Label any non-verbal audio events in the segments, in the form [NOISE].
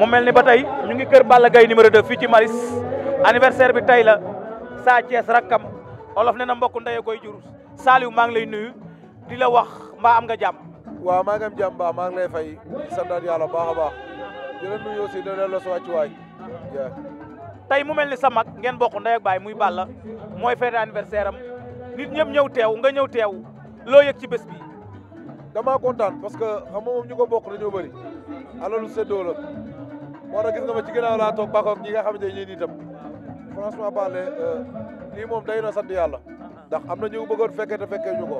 mu mel ni ba tey ñu ngi kër Balla Gaye numéro 2 fii ci Maris anniversaire bi tey la Sa Thiès rakkam olof nee na mbokku ndeye koy jur Saliou maa ngi lay nuyu di la wax mbaa am nga jàmm. waaw maa ngi am jàmm baax maa fay santaat yàlla baax a baax di la nuyu da la sa wàccuwaay mu mel ni sa mag ngeen bokk ndey ak baay muy Balla mooy fête anniversaire am nit ñëpp ñëw teew nga ñëw teew loo yëg ci bés bi. damaa kontaan parce que xam nga moom ñu ko bokk dañoo bëri alalu moo tax gis nga ma ci ginnaaw laa toog bakoog ñi nga xamante ne ñii nii euh, lii moom day na sant yàlla ndax am na ñu bëggoon fekkee te fekkee ñu ko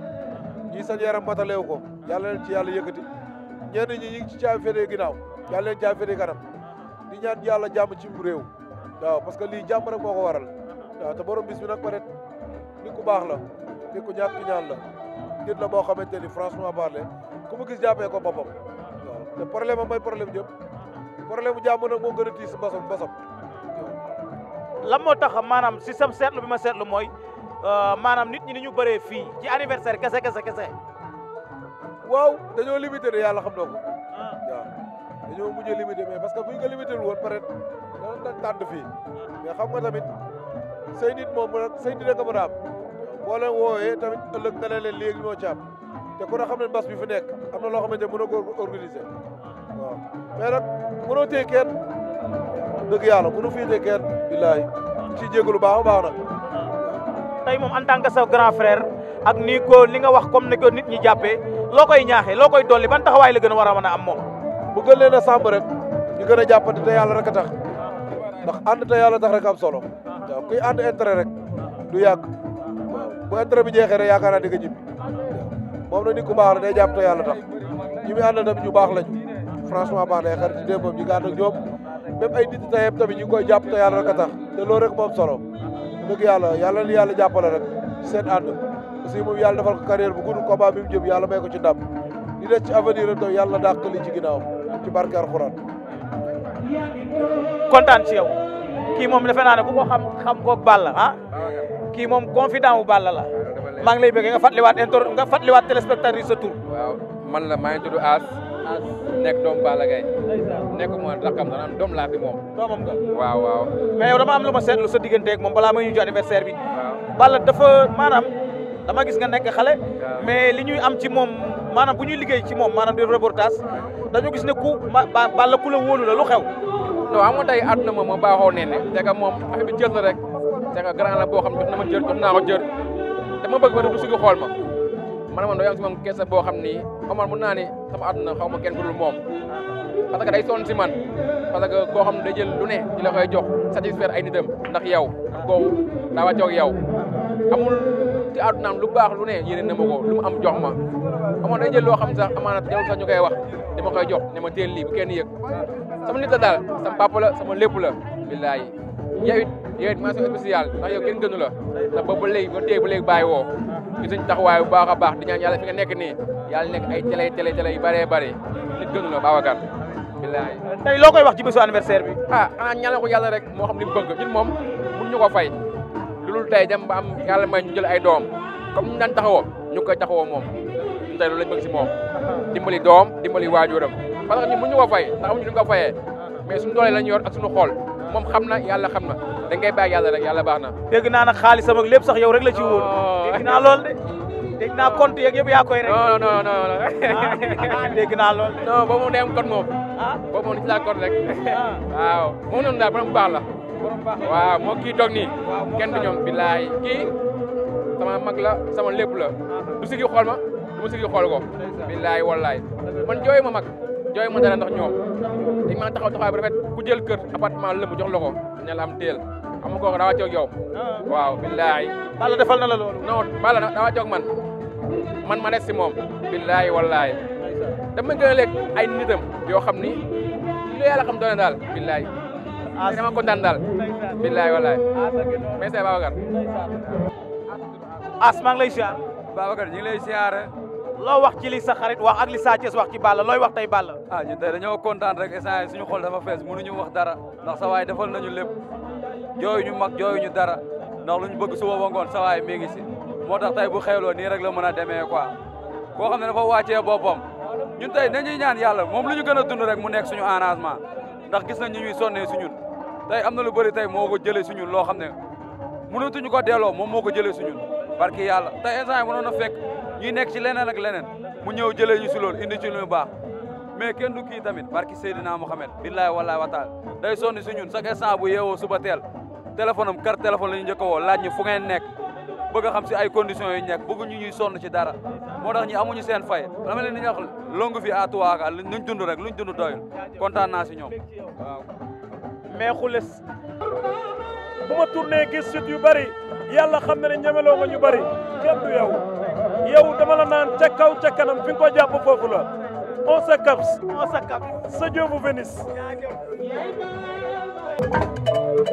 ñii seen yaram mataleew ko yàlla leen ci yàlla yëkkati ñenn ñi ñi ngi ci caabi féetee ginnaaw yàlla leen caabi féetee kanam di yàlla jàmm ci réew parce que lii jàmm rek moo ko waral waaw te borom bis bi nag peut être nit ku baax la nit ku la nit boo xamante ni franchement parler ku mu gis ko boppam waaw te problème am problème bu jàmm nag moo gën a tiis basam basam lan moo tax maanaam si sam seetlu bi ma seetlu mooy euh, maanaam nit ñi ni ñu bëree fii ci anniversaire kese kese kese waaw dañoo limité de yàlla xam na ko ah. waaw dañoo mujj a limité mais parce que bu ñu ko limité woon peut être dana tànd fii ah. mais xam nga tamit say nit moom say nit rek a mën a boole boo tamit ëllëg nga ne leen léegi ñoo caab te ku ne xam ne mbas bi fi nekk am na loo xamante ne mën a ko organiser ah. waaw mënoo téye kenn dëgg yàlla mënoo féetee kenn billaay ci jégalu baax baax nag. tey moom en tant que sa grand frère ak ni ko li nga wax comme ni ko nit ñi jàppe loo koy ñaaxee loo koy dolli ban taxawaay la gën a war a mën am moom. bu gën leen a sàmm rek ñu a jàppante te yàlla rek a tax ndax ànd te yàlla tax rek am solo waaw kuy ànd intérêt rek du yàgg bu intérêt bi jeexee rek yaakaar naa di nga moom na nit ku baax la day jàpp te yàlla tax ñi muy àndal tamit baax lañu. franchement baax na xarit démb ñu ngi ànd ak ñoom même ay nit tey tamit ñu ngi koy jàpp te yàlla a tax te loolu rek moom solo dëgg yàlla yàlla na yàlla jàppale rek sen ànd aussi moom yàlla defal ko carrière bu gudd combat bi mu jëm yàlla may ko ci ndam di des ci avenir rek tam yàlla dàq li ci ginnaawam ci kontaan ci yow kii moom defe naa ne ku ko xam xam ko Balla ah kii moom confident wu Balla la maa ngi lay bëgg nga fàttaliwaat inter nga fàttaliwaat téléspectateur yi sa tur man la maa ngi tudd As nekk doomu Balla Gaye nekk moom rakam danaam doom laa fi moom doomam nga waaw waaw mais yow dama am lu ma seetlu sa diggante ak moom balaa may ñu jox anniversaire bi Balla dafa maanaam dama gis nga nekk xale mais li ñuy am ci moom maanaam bu ñuy liggéey ci moom maanaam di reportage dañu gis ne ku Balla ku la wóolu la lu xew non xam nga tey àdduna moom ma baaxoo nee ne c'est a moom affaire bi jël rek c'est que boo xam jot na ma jël jot naa ko jël dama bëgg ba dugg si xool ma man moom dañoo am si moom kees boo xam ni Omar mun naa ni sama àdduna xaw ma kenn ku dul moom parce que day sonn si man parce que koo xam ne day jël lu ne ci la koy jox satisfaire ay nitam ndax yow ndax kooku daa wàccoo ak yow amul ci àddunaam lu baax lu ne yéene na ma ko lu mu am jox ma Omar day jël loo xam sax amaana jarul sax ñu koy wax dama koy jox ne ma teel lii bu kenn yëg sama nit la daal sama papa sama lépp la billaahi yow it yow it mention spéciale ndax yow kenn gënu la woo gis nañ taxawaay bu baax a baax di ñaan yàlla fi nga nekk nii yàlla nekk ay télé télé télé yu bëree bëri nit gën la Babacar billahi loo koy wax ci bésu anniversaire bi ah xanaa ñaanal ko yàlla rek moo xam li mu bëgg ñun moom mun ñu ko fay loolu tey dem am yàlla may ñu jël ay doom comme ñu daan taxawoo ñu koy taxawoo moom ñun tey loolu lañ bëgg si moom dimbali doom dimbali waajuram parce que ñun mun ñu ko fay ndax amuñu duñ ko fayee mais suñu doole lañ yor ak suñu xool moom xam na yàlla xam na da ngay bàyyi yàlla rek yàlla baax na dégg naa nag xaalisam ak lépp sax yow rek la ci wóor oh. dégg naa lool de dégg naa compte yeeg yëpp ah, moom day ah. am compte ci laa compte rek ah. waaw moom noonu daal borom baax la waaw moo kii toog nii kenn ñoom bilaay kii sama mag la sama lépp la du sigi xool ma sigi xool ko bilaay wallaay man jooyu ma jooy ma dara ndax ñoom dañ maa taxaw taxawaay bu rafet kër appartement lëmb jox la ko ne la am teel xam nga kooku yow ah. waaw billaahi Balla defal na loolu non Balla daa wàccoog man man ma des si moom billaahi wallaahi dama gën a ay nitam yoo xam ni lu yàlla xam daal billaahi ah. dama kontaan daal billaahi wallaahi ah, mais c'est Babacar maa ngi lay siyaar Babacar ñu loo wax ci li sa xarit wax ak li Sa wax ci Balla looy wax tey Balla. ah ñun tey dañoo kontaan rek instant suñu xol dafa fees mënuñu wax dara ndax sa waay defal nañu lépp jooyuñu mag jooyuñu dara ndax luñ bëgg suba ba ngoon sa waay mi ngi si moo tax tey bu xewloo nii rek la mën a demee quoi koo xam ne dafa wàccee boppam ñun tey dañuy ñaan yàlla moom lu ñu gën a tund rek mu nekk suñu arrangement ndax gis nañ ñu ñuy sonnee suñun tey am na lu bëri tey moo ko jëlee suñun loo xam ne mënatuñu ko delloo moom moo ko jëlee suñun barki yàlla tey instant yi mënoon a fekk ñuy nekk ci leneen ak leneen mu ñëw jëlee ñu si loolu indi ci lu baax mais kenn du kii tamit barki Seydina Mohamed billahi wallahi wa taala day sonni si ñun chaque instant bu yeewoo suba teel téléphone am carte téléphone la ñu njëkk woo laaj ñu fu ngeen nekk bëgg a xam si ay conditions yi nekk bëgg ñu ñuy sonn ci dara moo tax ñi amuñu seen fay dama leen di wax longue vie à toi rek luñ dund doyul kontaan naa si ñoom waaw mais xules bu ma tourné yu bëri yàlla xam na ne ñemeloo nga ñu bëri yow dama la naan ca kaw ca kanam fi nga ko jàpp la on se capte. on sa Dieu vous bénisse.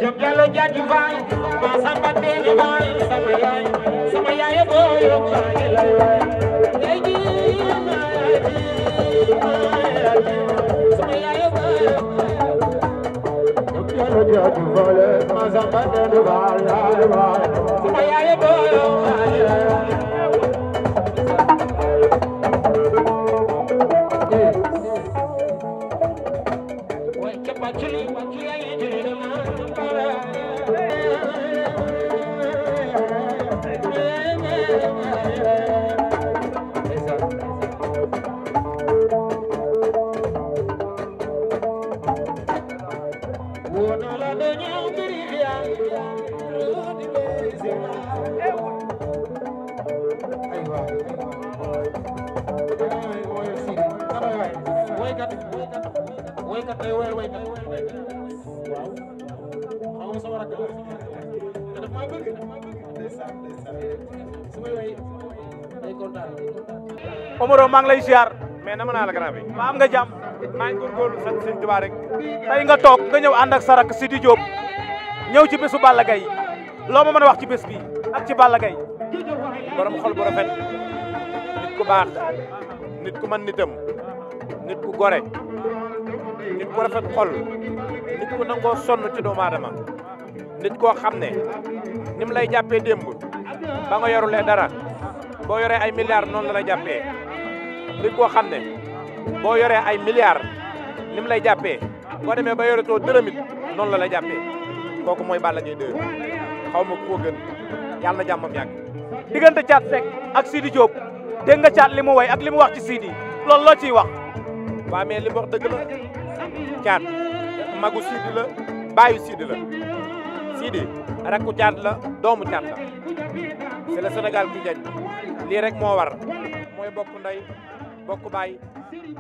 jëm yàlla jaajëf baay ma samba teeni baay sama yaay sama yaay booyo baay lay waay léegi Omaro maa ngi lay ziar. mais nama naa la grand bi. maa am nga jàmm maa ngi góorgóorlu sant Sëñ Tuubaa rek. nga toog nga ñëw sara ak sarak Sidi Diop ñëw ci bésu Balla Gaye loo ma mën a wax ci bés bi ak ci Balla Gaye borom xol bu rafet nit ku baax nit ku man nitam nit ku gore nit ku rafet xol nit ku nangoo sonn ci doomu aadama nit koo xam ne ni mu lay jàppee démb ba nga yorulee dara boo yoree ay milliards noonu la la jàppee nit koo xam ne boo yore ay milliards ni mu lay jàppee boo demee ba yore too dërëmit noonu la lay jàppee kooku mooy Balla Gaye 2 xaw ma koo gën na jàmmam yàgg diggante Thiat Seck ak Sidi Diop dégg nga Thiat li mu way ak li mu wax ci Sidi loolu loo ciy wax waa mais li mu wax dëgg la Thiat magu Sidi la baayu Sidi la Sidi rakku Thiat la doomu Thiat la c'est le Sénégal ki jañ lii rek moo war mooy bokk nday bokk baay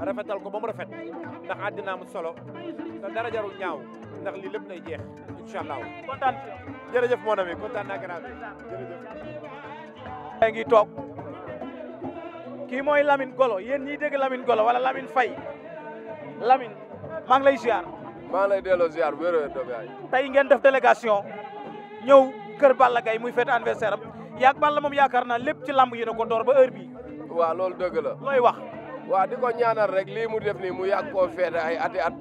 rafetal ko ba mu rafet ndax àddina am solo te dara jarul ñaaw ndax lii lépp nay jeex incha allah kontaan jërëjëf mon ami kontaan naa garaat ngi toog kii mooy lamin Golo yéen ñiy dégg Lamine Golo wala Lamine fay Lamine maa ngi lay ziar maa ngi lay delloo ziar wér wér tey ngeen def délégation ñëw kër Balla Gaye muy fête anniversaire yaak yaag Balla moom yaakaar naa lépp ci lamb yéen a ko door ba heure bi waaw loolu dëgg wax waaw di ko ñaanal rek lii mu def nii mu yàgg koo feete ay ati at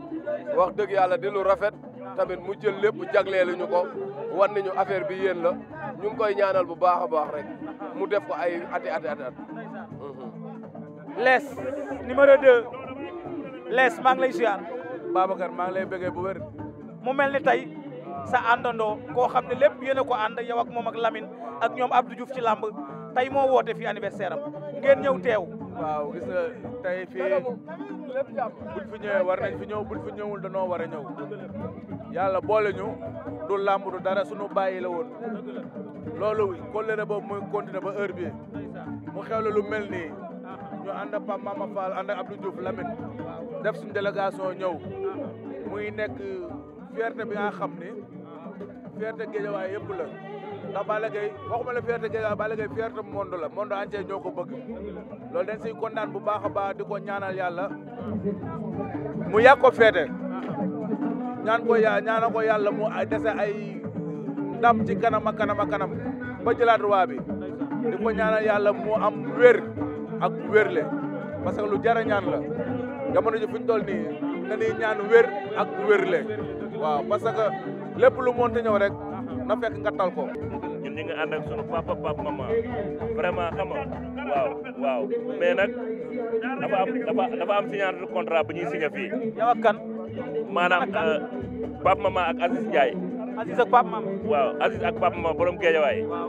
wax dëgg yàlla di lu rafet tamit mu jël lépp jagleelu ñu ko wan nañu affaire bi yéen la ñu ngi koy ñaanal bu baax a baax rek mu def ko ay ati ati at mhm. lees numéro 2 lees maa ngi lay ziar Babacar maa ngi lay bëggee bu wér mu mel ni tey sa àndandoo koo xam ne lépp yéen ko ànd yow ak moom ak Lamine ak ñoom Abdou Diouf ci làmb tey moo woote fi anniversaire am ngeen ñëw teew waaw gis nga tey fii fi ñëwee war nañ fi ñëw buñ fi ñëwul danoo war a ñëw yàlla boole ñu du làmb du dara suñu bàyyi la woon loolu kóllëre boobu muy continuer ba heure bi mu xewle lu mel nii ñu ànd ak Pape Mama Fall ànd ak Abdou Diouf def suñu délégation ñëw muy nekk fierté bi nga xam ni fierté Guédiawaye yëpp la ndax Balla Gaye waxuma la fierté Guédiawaye Balla Gaye ñoo ko bëgg loolu dañ siy kontaan bu baax a baax di ko ñaanal yàlla mu yàgg ko feete ñaan ko ya ñaana ko yàlla mu dese ay dam ci kanam ak kanam ak kanam ba jëlaat di ko ñaanal yàlla mu am wér ak wérle parce que lu jar la jamono ji fu ñu ñaan wér ak wérle waaw parce que lépp lu monte ñëw rek na fekk nga tal ko. ñun ñi nga ànd ak sunu papa papa mama vraiment xam nga waaw waaw mais nag dafa am dafa dafa bu ñuy signé maanaam euh, papa mama ak Aziz Ndiaye. Aziz ak papa mama. waaw Aziz ak papa mama borom géejawaay. waaw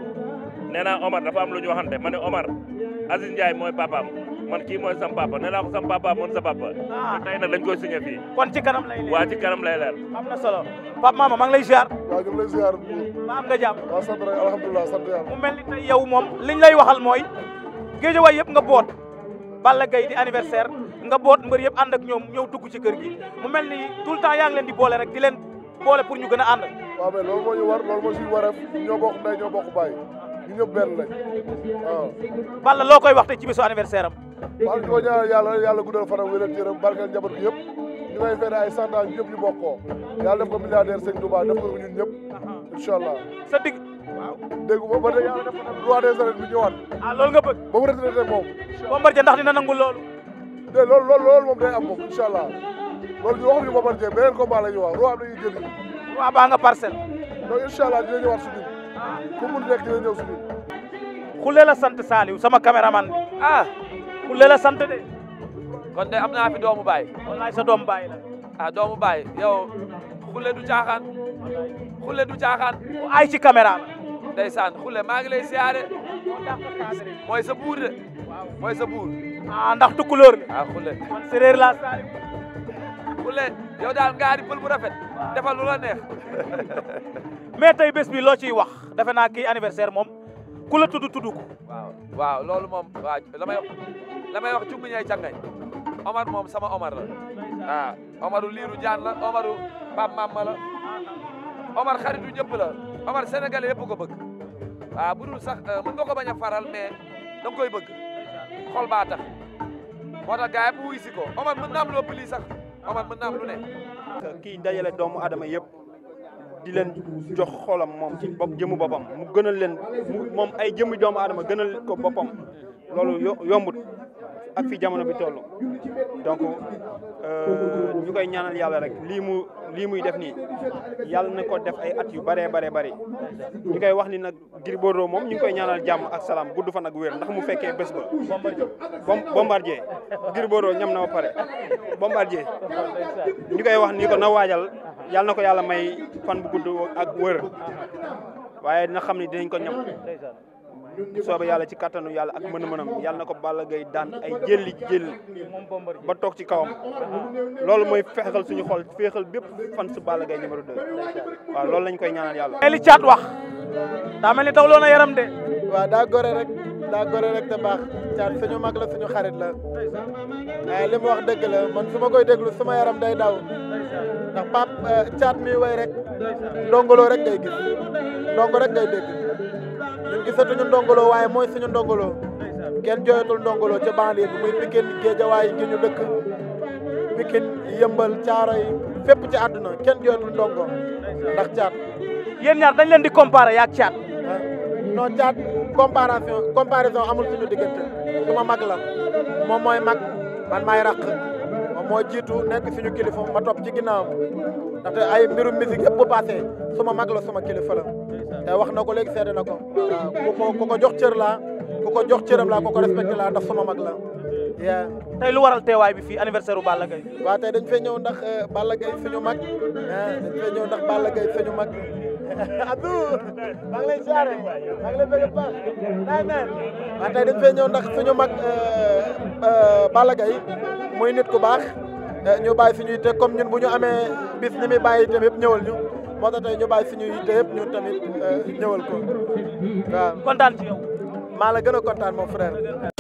Omar dafa am lu waxante ma Omar Aziz Ndiaye mooy papaam. man kii mooy sam papa ne laa ko sam papa moom sa papa. Ah. te tey nag lañ koy signé fii. kon ci kanam lay leer waa ci kanam lay leer. am na solo Pape Mama maa ngi lay ziar. waaw ñu ngi lay ziar. nga jàpp. mu mel ni tey yow moom liñ lay waxal mooy géejawaay yëpp nga boot. Balla Gaye di anniversaire nga boot mbër yëpp ànd ak ñoom ñëw dugg ci kër gi mu mel ni tout le yaa ngi leen di boole rek di leen boole pour ñu gën a ànd. waaw mais loolu moo ñu war loolu moo suñu ñu ñëpp benn lañ waaw. Balla loo koy wax tey ci bisu anniversaire am. waaw di ko ñaanal yàlla yàlla guddal fanam wéral cëram barkeel njaboot gi yëpp ñu koy fexe ay cent ans bokkoo yàlla def ko milliardaire sëñ Touba def ko ñun ñëpp uh-huh. incha sa digg waaw dégg nga ba tey yàlla def ko roi des ah, nga bëgg. ba mu retraité la ñuy wax roi am dañuy fu mu la sant Saliou sama caméraman bi. ah xulle la sant de. kon de am naa fi doomu baay. wallaay doomu baay la. ah du caaxaan. xulle du caaxaan. ku aay ci caméra la. ndeysaan xulle maa ngi lay siyaare. mooy sa buur de. mooy sa buur. ah ndax tu couleur la. ah xulle man séréer laa daal ngaari pël bu rafet. defal lu la neex. [LAUGHS] mais tey bés bi loo ciy wax defe naa ki anniversaire moom ku la tudd tudd ko. waaw loolu moom waaw lamay lamay wax cungu ñay cangay Omar moom sama Omar la waaw Omaru Liiru Jaan la Omaru Pape Mamma la Omar xaritu ñëpp Omar sénégalais yëpp ko bëgg waaw bu sax euh, mën nga ko bañ a da koy bëgg xol baa tax moo tax gars yi bu ko Omar mën lu ëpp sax Omar mën lu ne. kii dajale doomu adama yëpp di leen jox xolam moom ci bopp jëmu boppam mu gënal leen moom ay jëmmi doomu adama gënal ko boppam loolu yombut ak fi jamono bi toll donc euh, ñu koy ñaanal yàlla rek lii mu lii muy def nii yàlla na ko def ay at yu baree baree bëri ñu koy wax ni nag Gris Bordeaux moom ñu koy ñaanal jàmm ak salaam gudd fan ak wér ndax mu fekkee bés ba bombardier Gris Bordeaux ñam na ba pare bombardier ñu koy wax ni ko na waajal yàlla na ko yàlla may fan bu gudd ak wër waaye dina xam ni dinañ ko ñam soobe yàlla ci kattanu yàlla ak mën-mënam yàlla na ko Balla Gaye daan ay jëlli jëlli ba toog ci kawam loolu mooy feexal suñu xol féexal bépp fan su Balla Gaye numéro 2 waaw loolu lañ koy ñaanal yàlla mel ni caat wax daa mel ni taw loona yaram de waaw daa gore rek daa gore rek te baax caat suñu mag la suñu xarit la waaye eh, li mu wax dëgg la man su ma koy déglu suma yaram day daw ndax pap caat eh, mi way rek dongoloo rek ngay gis dongo rek ngay dégg ñun gisatuñu ndongoloo waaye mooy suñu ndongoloo kenn jooyatul ndongoloo ca banlieue bi muy Pikine Géejawaay waaye ñu dëkk Pikine yëmbal Caaroy fépp ci àdduna kenn jooyatul ndongo ndax caat yéen ñaar dañ leen di comparer yaag caat non caat comparaison comparaison amul suñu diggante su ma mag la moom mooy mag man maay raq moo jiitu nekk si suñu kilifa ma topp ci ginnaawam ndaxte ay mbirum musique yëpp bu passé suma mag la suma kilifa la te wax na ko léegi seede na ko waaw ko ko jox cër laa ku ko jox cëram laa ku ko respecté laa ndax suma mag la yeah tey lu waral teewaay bi fii anniversaire u Balla Gaye waaw tey dañ fee ñëw ndax eh, Balla Gaye suñu mag dañ fee ñëw ndax Balla Gaye suñu mag [LAUGHS] Abdou maa ngi lay siyaare maa ngi lay bëgg baax naa naan waaw tey ndax suñu mag euh, euh, Balla muy nit ku baax euh, ñu bàyyi suñu yitte comme ñun bu ñu amee bis ni muy bàyyi itam yëpp ñëwal ñu moo tax tey ñu bàyyi suñu yitte yëpp ñun tamit ñëwal ko waaw kontaan maa la gën a kontaan moom frère